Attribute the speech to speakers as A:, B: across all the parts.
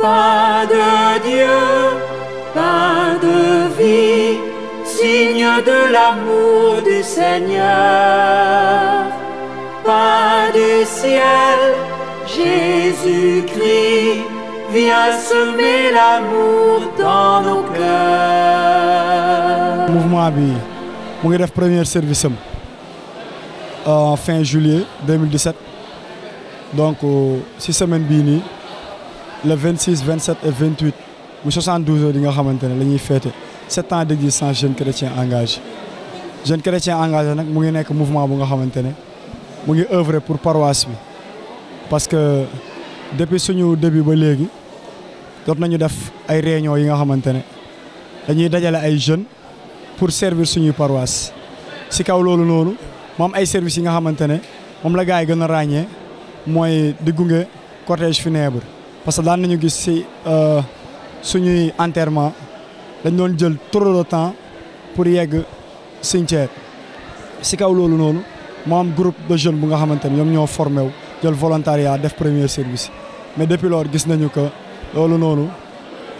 A: Pas de Dieu, pas de vie, signe de l'amour du Seigneur. Pas du ciel, Jésus-Christ, viens semer l'amour dans nos cœurs.
B: Mouvement bi mu ngi def premier service am euh, en fin juillet 2017 donc ci euh, semaine bii nii. le 26 27 et 28 mu 72 heures yi nga xamante ne la ñuy féete sept ans d'existence jeune chrétien engage jeune chrétien engagé nag mu ngi nekk mouvement bu nga xamante ne mu ngi œuvrer pour paroisse bi parce que depuis suñu début ba léegi jot nañu def ay réunion yi nga xamante ne dañuy dajale ay jeunes pour servir suñuy paroisse si kaw loolu noonu moom ay services yi nga xamante ne moom la gars yi gën a ràññee mooy di gunge cortège funèbre parce que daan nañu gis si euh, suñuy enterrement dañ doon jël trop de temps pour yegg cimetière si kaw loolu noonu moo am groupe de jeune bu nga xamante ni ñoom ñoo formé wu jël volontariat def premier service mais depuis lors gis nañu que loolu noonu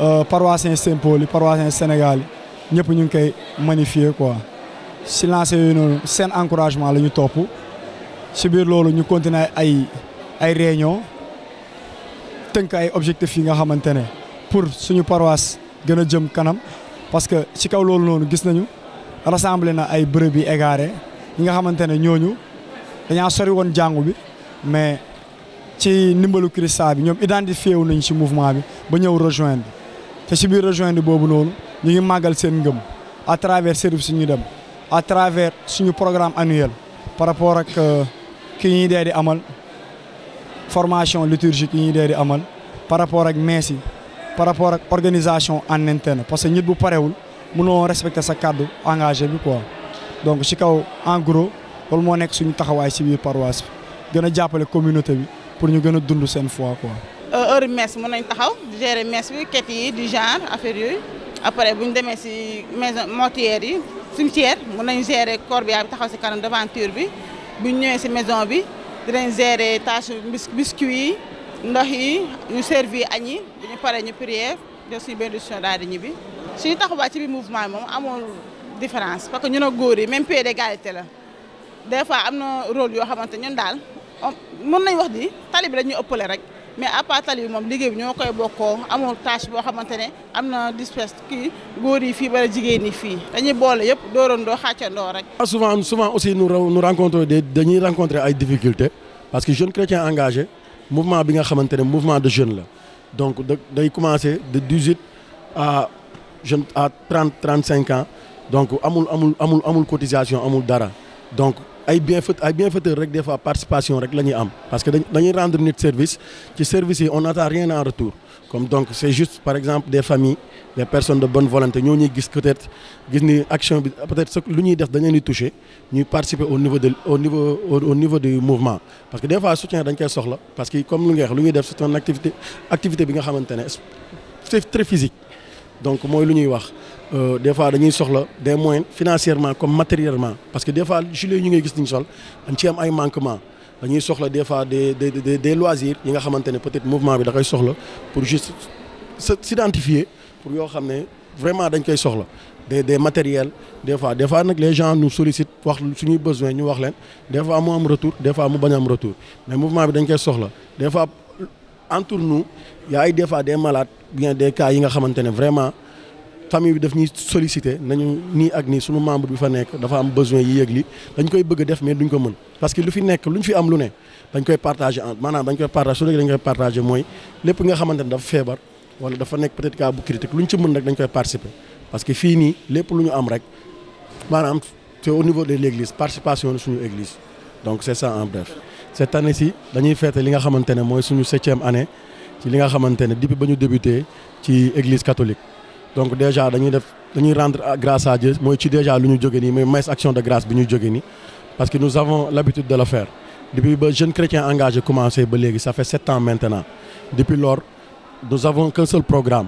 B: euh, paroissien Saint-Paul yi paroissien Sénégal ñëpp ñu ngi koy magnifier quoi si lancé yooyu noonu seen encouragement la ñu topp si biir loolu ñu continuer ay ay réunion tënk ay objectifs yi nga xamante ne pour suñu paroisse gën a jëm kanam parce que ci kaw loolu noonu gis nañu rassemblé na ay brebis égarées yi nga xamante ne ñooñu dañaa sori woon jàngu bi mais ci ndimbalu Christa bi ñoom identifié wu nañ ci mouvement bi ba ñëw rejoindre te ci biir rejoindre boobu noonu ñu ngi màggal seen ngëm à travers service suñu dem à travers suñu programme annuel par rapport ak euh, ki ñuy dee di amal formation liturgique yi ñuy dee di amal par rapport ak mees yi par rapport ak organisation en interne parce que nit bu parewul mënoo respecter sa kàddu engagé bi quoi donc ci kaw en gros loolu moo nekk suñu taxawaay si biir paroisse bi gën a jàppale communauté bi pour ñu gën a dund seen foi quoi.
C: Euh, heure messe mën nañ taxaw gérer messe bi ket yi du genre affaire yooyu après bu ñu demee si maison mortuaire yi cimetière mën nañ gérer corps bi taxaw ci kanam devanture bi bu ñu ñëwee ci maison bi. dinañ gérer tâche biscuit yi ndox yi ñu servi añ yi bu ñu paree ñu prière def suñu bénédiction daal di ñibbi suñu taxawaay ci biir mouvement moom amul différence parce que ñun ak góor yi même pied d'égalité la des fois am na rôle yoo xamante ñun daal mën nañ wax di tali bi dañuy ëppale rek. mais apatali yi moom liggéey bi ñoo koy bokkoo amul tâche boo xamante ne am na disperse kii góor yi fii wala jigéen yi fii dañuy boole yëpp dóorandoo xàccandoo rek.
D: Ah, souvent souvent aussi nous nous rencontrons des dañuy rencontrer ay difficultés parce que jeune chrétien engagé mouvement bi nga xamante ne mouvement de jeunes la donc da day commencer de 18 à jeune à 30 cinq ans donc amul amul amul amul cotisation amul dara donc. ay bienfait ay bienfaiteurs rek des fois participation rek la am parce que dañuy rendre nit service ci service yi on n'attend rien en retour comme donc c' est juste par exemple des familles des personnes de bonne volonté ñoo ñuy gis peut être gis ni action bi peut être lu ñuy def dañu leen di touché ñuy participer au niveau de au niveau au niveau du mouvement parce que des fois dañ koy soxla parce que comme lu nga lu ñuy def c'est une activité bi nga xamante ne c'est donc mooy lu ñuy wax euh, des fois dañuy soxla des moyens financièrement comme matériellement parce que des fois gilet ñu ngay gis ni ñu sol dañ ci am ay manquement dañuy soxla des fois des des des, nga xamante ne peut-être mouvement bi da koy soxla pour juste s'identifier pour yoo xam ne vraiment dañ koy soxla des des matériels des fois des fois nag les gens nous sollicitent wax suñuy besoin ñu wax leen des fois mu am retour des fois mu bañ am retour mais mouvement bi dañ koy soxla des fois entre nous y a ay des fois des malades. bien des cas yi nga xamante ne vraiment famille bi daf ñuy nañu nii ak nii membre bi fa nekk dafa am besoin yi yëg dañ koy bëgg def mais duñ ko mën parce que lu fi nekk luñ fi am lu ne dañ koy partagé en maanaam dañ koy partagé su nekk dañ mooy lépp nga xamante dafa feebar wala dafa nekk peut-être cas bu critique luñ ci mën rek dañ koy participer parce que fii nii lépp lu ñu am rek maanaam te au niveau de l'église participation suñu église donc c'est ça en bref cette année ci dañuy fête li nga xamante ne mooy suñu septième année ci li nga xamante ne depuis ba ñu débuté ci église catholique donc déjà dañuy def dañuy rendre grâce à Dieu mooy ci déjà lu ñu jóge nii mooy mais action de grâce bi ñu jóge ni parce que nous avons l'habitude de le faire depuis ba jeune chrétien engagé commencé ba léegi sa fait sept ans maintenant depuis lors nous avons qu'un seul programme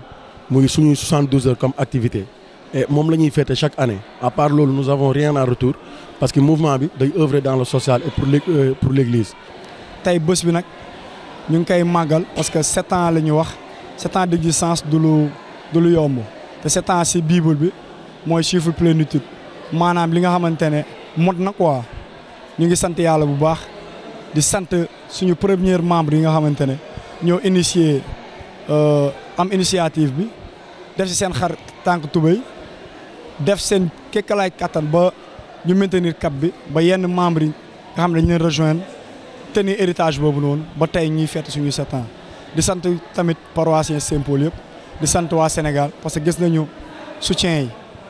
D: muy suñuy 72 heures comme activité et moom la ñuy fêter chaque année à part loolu nous avons rien en retour parce que mouvement bi day œuvrer dans le social et pour euh, pour l'église
B: tey bés bi nag ñu ngi koy màggal parce que sept ans la ñu wax sept ans d'existence du lu du lu yomb te sept si bible bi mooy chiffre plénitude maanaam li nga xamante ne mot na quoi ñu ngi sant yàlla bu baax di sant suñu premier membre yi nga xamante ne ñoo initié euh, am initiative bi def si seen xar tànk tubéy def seen kékkalaay kattan ba ñu maintenir cap bi ba yenn membre yi nga xam ne dañu leen rejoindre te ni héritage boobu noonu ba tey ñuy fête suñuy sept ans di sant tamit paroissiens Saint-Paul yëpp di sant waa Sénégal parce que gis nañu soutien yi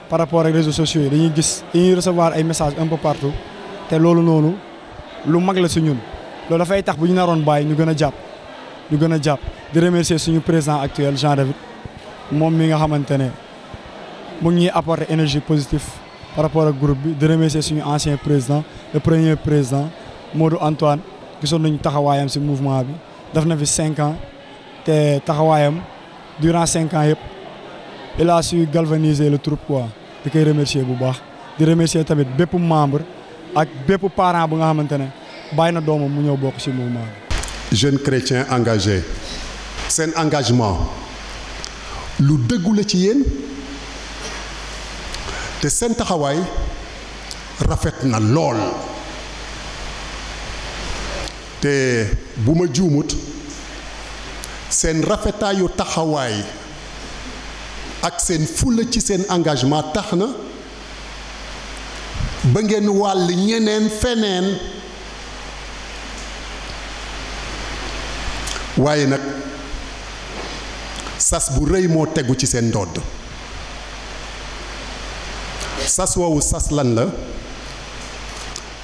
B: par rapport ak réseaux sociaux yi dañuy gis dañuy recevoir ay message un peu partout te loolu noonu lu mag la si ñun loolu dafay tax bu ñu naroon bàyyi ñu gën a jàpp ñu gën a jàpp di remercier suñu président actuel Jean David moom mi nga xamante ne mu ñuy apporte énergie positif par rapport ak group bi di remercier suñu ancien président le premier président Modou Antoine gisoon nañu taxawaayam si mouvement bi def na fi cinq te taxawaayam durant cinq ans yëpp il a su galvaniser le troupe quoi di koy remercier bu baax di remercier tamit bépp membre ak bépp parent bu nga xamante ne bàyyi na doomam mu ñëw bokk si mouvement bi.
A: jeunes chrétiens engagés seen engagement lu dëggu ci yéen te seen taxawaay rafet na lool. te bu ma juumut seen rafetaayu taxawaay ak seen fulla ci seen engagement tax na ba ngeen wàll ñeneen feneen waaye nag sas bu rëy moo tegu ci seen ndodd sas woowu sas lan la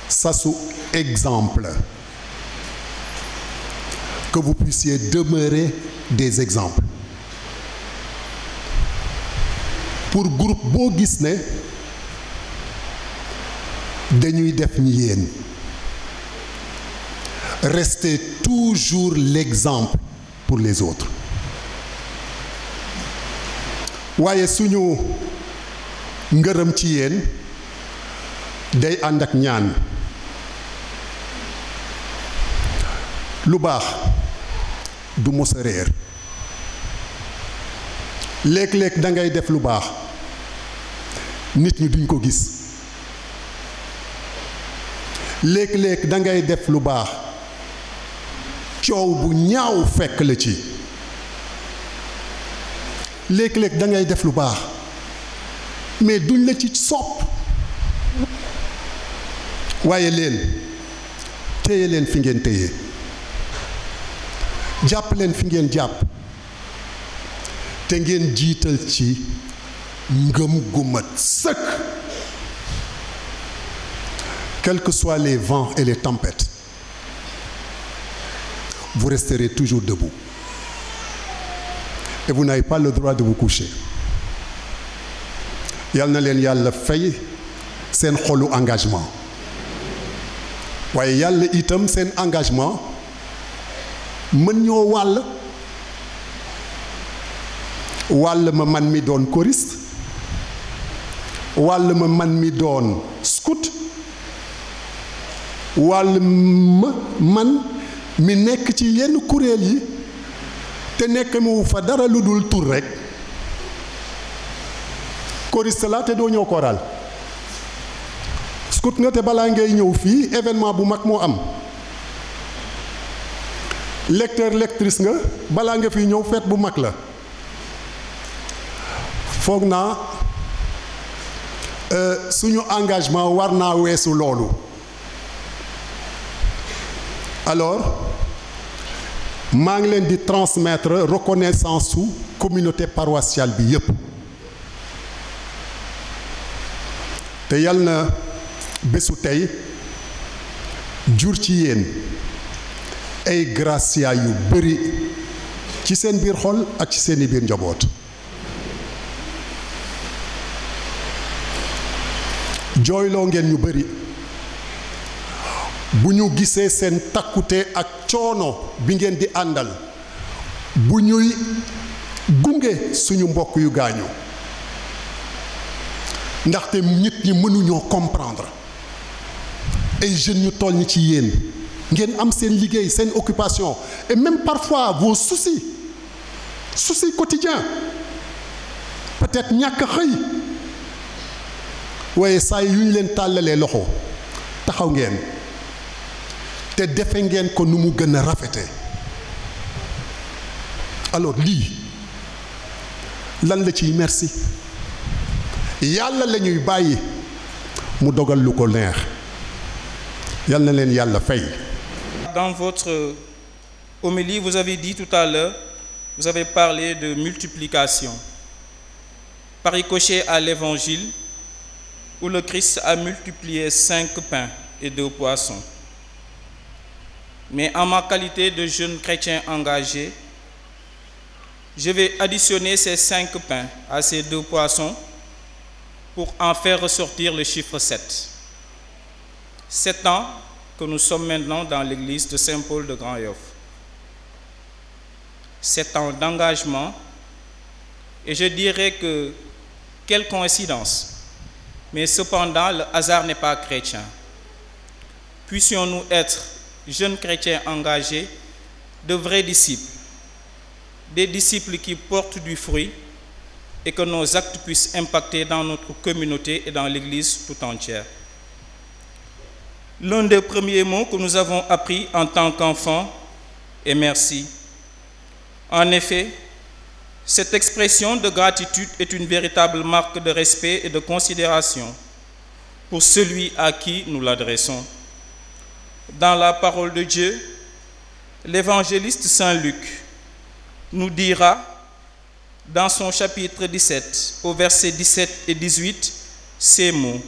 A: sasu exemple que vous puissiez demeurer des exemples pour group boo gis ne dañuy def ni yéen restez toujours l'exemple pour les autres waaye suñu ngërëm ci yéen day ànd ak ñaan lu baax du mos réer léeg-léeg dangay def lu baax nit ñi duñ ko gis léeg-léeg da ngay def lu baax coow bu ñaaw fekk la ci léeg-léeg dangay def lu baax mais duñ la ci sopp waaye leen téye leen fi ngeen téye. jàpp leen fi ngeen jàpp te ngeen jiital ci ngëm gu mat sëkk quels que soient les vents et les tempêtes vous resterez toujours debout et vous n'avez pas le droit de vous coucher yal na leen yàlla fay seen xolu engagement waaye yàlla itam seen engagement mën ñoo wàll wàll ma man mi doon choriste wàll ma man mi doon scout wàll ma man mi nekk ci yenn kuréel yi te nekk mu fa dara lu dul tur rekk choriste laa te doo ñëw choral scout nga te balaa ngay ñëw fii événement bu mag moo am lecteur lectrice nga balaa nga fi ñëw feet bu mag la foog naa euh, suñu engagement war naa weesu loolu alors maa ngi leen di transmettre reconnaissance su communauté paroissiale bi yépp te yal na bésu tey jur ci yéen ay gracia yu bëri ci seen biir xol ak ci seeni biir njaboot jooyloo ngeen ñu bari bu ñu gisee seen takkute ak coono bi ngeen di àndal bu ñuy gunge suñu mbokk yu gaañu ndaxte nit ñi mënuñoo comprendre ay jeunes ñu toll ñi ci yéen ngeen am seen liggéey seen occupation et même parfois vos soucis soucis quotidiens peut-être ñàkk xëy waaye saa yu ñu leen tàllalee loxo taxaw ngeen te defe ngeen ko nu mu gën a rafete alors lii lan la ciy merci yàlla la bàyyi mu dogal lu ko neex yal na leen yàlla fay
C: car dans votre homélie, vous avez dit tout à l'heure, vous avez parlé de multiplication. Par ricochet à l'évangile, où le Christ a multiplié cinq pains et deux poissons. Mais en ma qualité de jeunes chrétien engagé, je vais additionner ces cinq pains à ces deux poissons pour en faire ressortir le chiffre 7. Sept ans que nous sommes maintenant dans l'église de Saint-Paul de Grand-Yoff. Sept ans d'engagement, et je dirais que quelle coïncidence, mais cependant le hasard n'est pas chrétien. Puissions-nous être jeunes chrétiens engagés, de vrais disciples, des disciples qui portent du fruit et que nos actes puissent impacter dans notre communauté et dans l'Église tout entière. L'un des premiers mots que nous avons appris en tant qu'enfants et merci. En effet, cette expression de gratitude est une véritable marque de respect et de considération pour celui à qui nous l'adressons. Dans la parole de Dieu, l'évangéliste Saint Luc nous dira dans son chapitre 17, au verset 17 et 18, ces mots.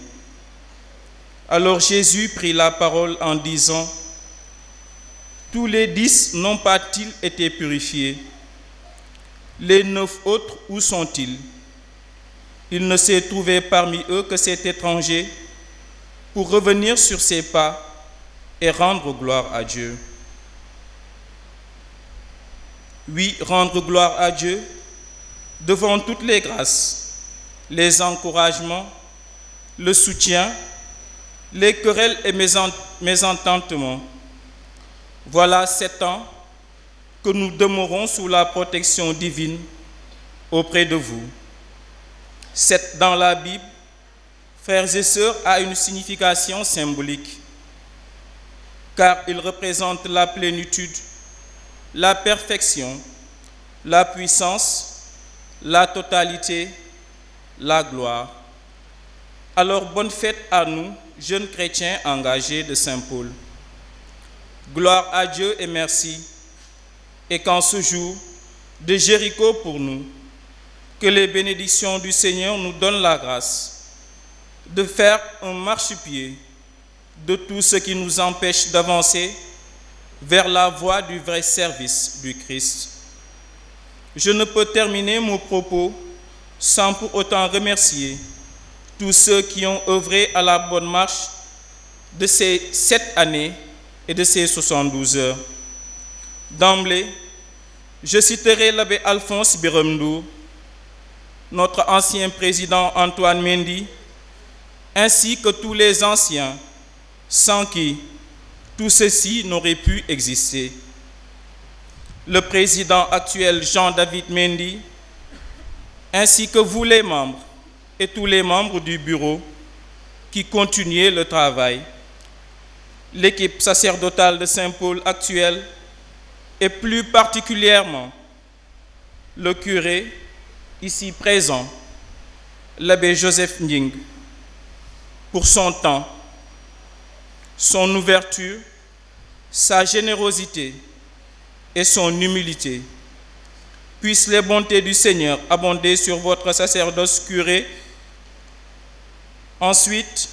C: Alors Jésus prit la parole en disant, Tous les dix n'ont pas-ils été purifiés Les neuf autres, où sont-ils Il ne s'est trouvé parmi eux que cet étranger pour revenir sur ses pas et rendre gloire à Dieu. Oui, rendre gloire à Dieu devant toutes les grâces, les encouragements, le soutien, les querelles et mésententements. Voilà sept an que nous demeurons sous la protection divine auprès de vous. Sept dans la Bible, frères et sœurs, a une signification symbolique, car il représente la plénitude, la perfection, la puissance, la totalité, la gloire. Alors bonne fête à nous jeune chrétien engagé de Saint-Paul. Gloire à Dieu et merci. Et qu'en ce jour de Jéricho pour nous, que les bénédictions du Seigneur nous donnent la grâce de faire un marchepied de tout ce qui nous empêche d'avancer vers la voie du vrai service du Christ. Je ne peux terminer mon propos sans pour autant remercier tous ceux qui ont œuvré à la bonne marche de ces sept années et de ces 72 heures. D'emblée, je citerai l'abbé Alphonse Biremdou, notre ancien président Antoine Mendy, ainsi que tous les anciens sans qui tout ceci n'aurait pu exister. Le président actuel Jean-David Mendy, ainsi que vous les membres, et tous les membres du bureau qui continuaient le travail, l'équipe sacerdotale de Saint-Paul actuelle et plus particulièrement le curé ici présent, l'abbé Joseph Ning, pour son temps, son ouverture, sa générosité et son humilité. Puissent les bontés du Seigneur abonder sur votre sacerdoce curé Ensuite,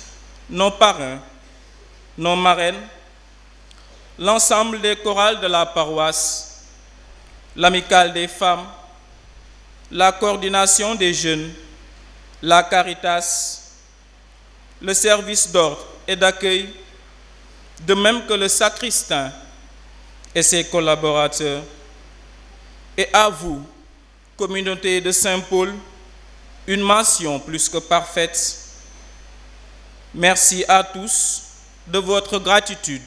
C: nos parrains, nos marraines, l'ensemble des chorales de la paroisse, l'amicale des femmes, la coordination des jeunes, la Caritas, le service d'ordre et d'accueil, de même que le sacristain et ses collaborateurs. Et à vous, communauté de Saint-Paul, une mention plus que parfaite Merci à tous de votre gratitude.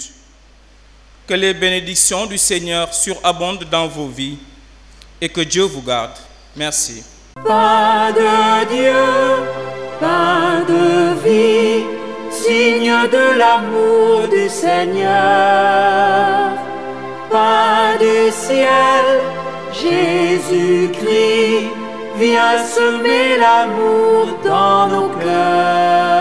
C: Que les bénédictions du Seigneur surabondent dans vos vies et que Dieu vous garde. Merci.
A: de Dieu, pas de vie, signe de l'amour du Seigneur. Pas du ciel, Jésus-Christ,
B: viens semer l'amour dans nos cœurs.